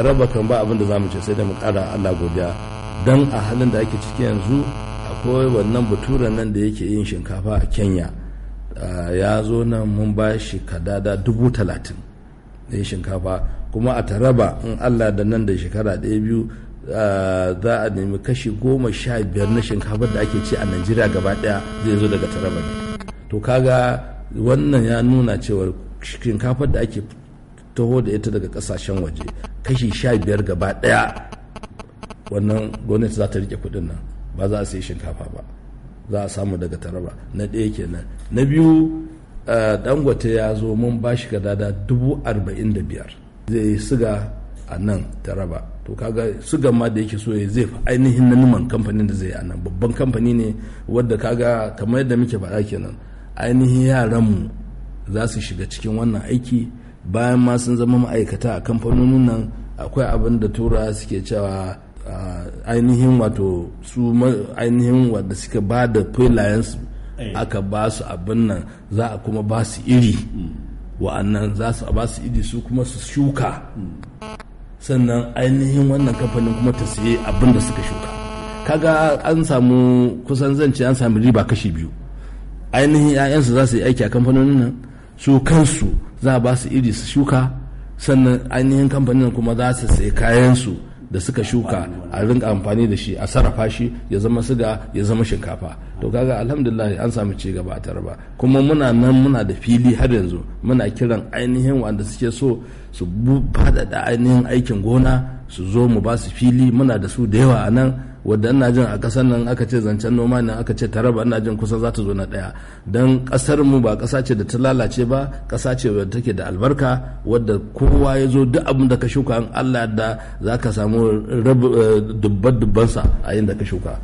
raba kan ba abin da za mu ce sai da mu kara Allah godiya dan a halin da ake ciki yanzu akwai wannan buturan nan da yake yin shinkafa a kenya ya zo nan mun ba shi kadada dubu talatin yin shinkafa kuma a taraba in Allah da nan da shekara ɗaya biyu za a nemi kashi goma sha biyar na shinkafar da ake ci a Najeriya gaba ɗaya zai zo daga taraba ne to kaga wannan ya nuna cewa shinkafar da ake taho da ita daga kasashen waje kashi sha biyar gaba ɗaya wannan gwamnati za ta rike kuɗin nan ba za a sayi shinkafa ba za a samu daga taraba na ɗaya kenan na biyu eh, dangote ya zo mun ba shi kadada dubu arba'in da biyar zai yi siga a nan taraba to kaga siga ma da yake so ya zai fi ainihin na numan kamfanin da zai yi a nan babban kamfani ne wadda kaga kamar yadda muke faɗa kenan ainihin yaranmu za su shiga cikin wannan aiki bayan ma sun zama ma'aikata a kamfanonin nan akwai abin da tura suke cewa ainihin wato su ainihin wadda suka ba da filayensu eh. aka ba su abin nan za a kuma ba su iri hmm. wa'annan za su ba su iri su kuma su shuka sannan ainihin wannan kamfanin kuma ta saye abin da suka shuka kaga an samu kusan zance an samu riba kashi biyu ainihin 'ya'yansu za su yi aiki a kamfanonin nan su kansu za a ba su iri su shuka sannan ainihin kamfanin kuma za su sai kayan su da suka shuka a rinka amfani da shi a sarrafa shi ya zama siga ya zama shinkafa to kaga alhamdulillah an samu ci gaba a taraba kuma muna nan muna da fili har yanzu muna kiran ainihin wanda suke so su faɗaɗa ainihin aikin gona su zo mu ba su fili muna da su da yawa a nan wadda ina jin a ƙasar nan aka ce zancen noma ne aka ce taraba ina jin kusan za ta zo na ɗaya don ƙasar mu ba ƙasa ce da ta lalace ba ƙasa ce wadda take da albarka wadda kowa ya zo duk abin da ka shuka in Allah da za ka samu eh, dubban dubbansa a yin da ka shuka.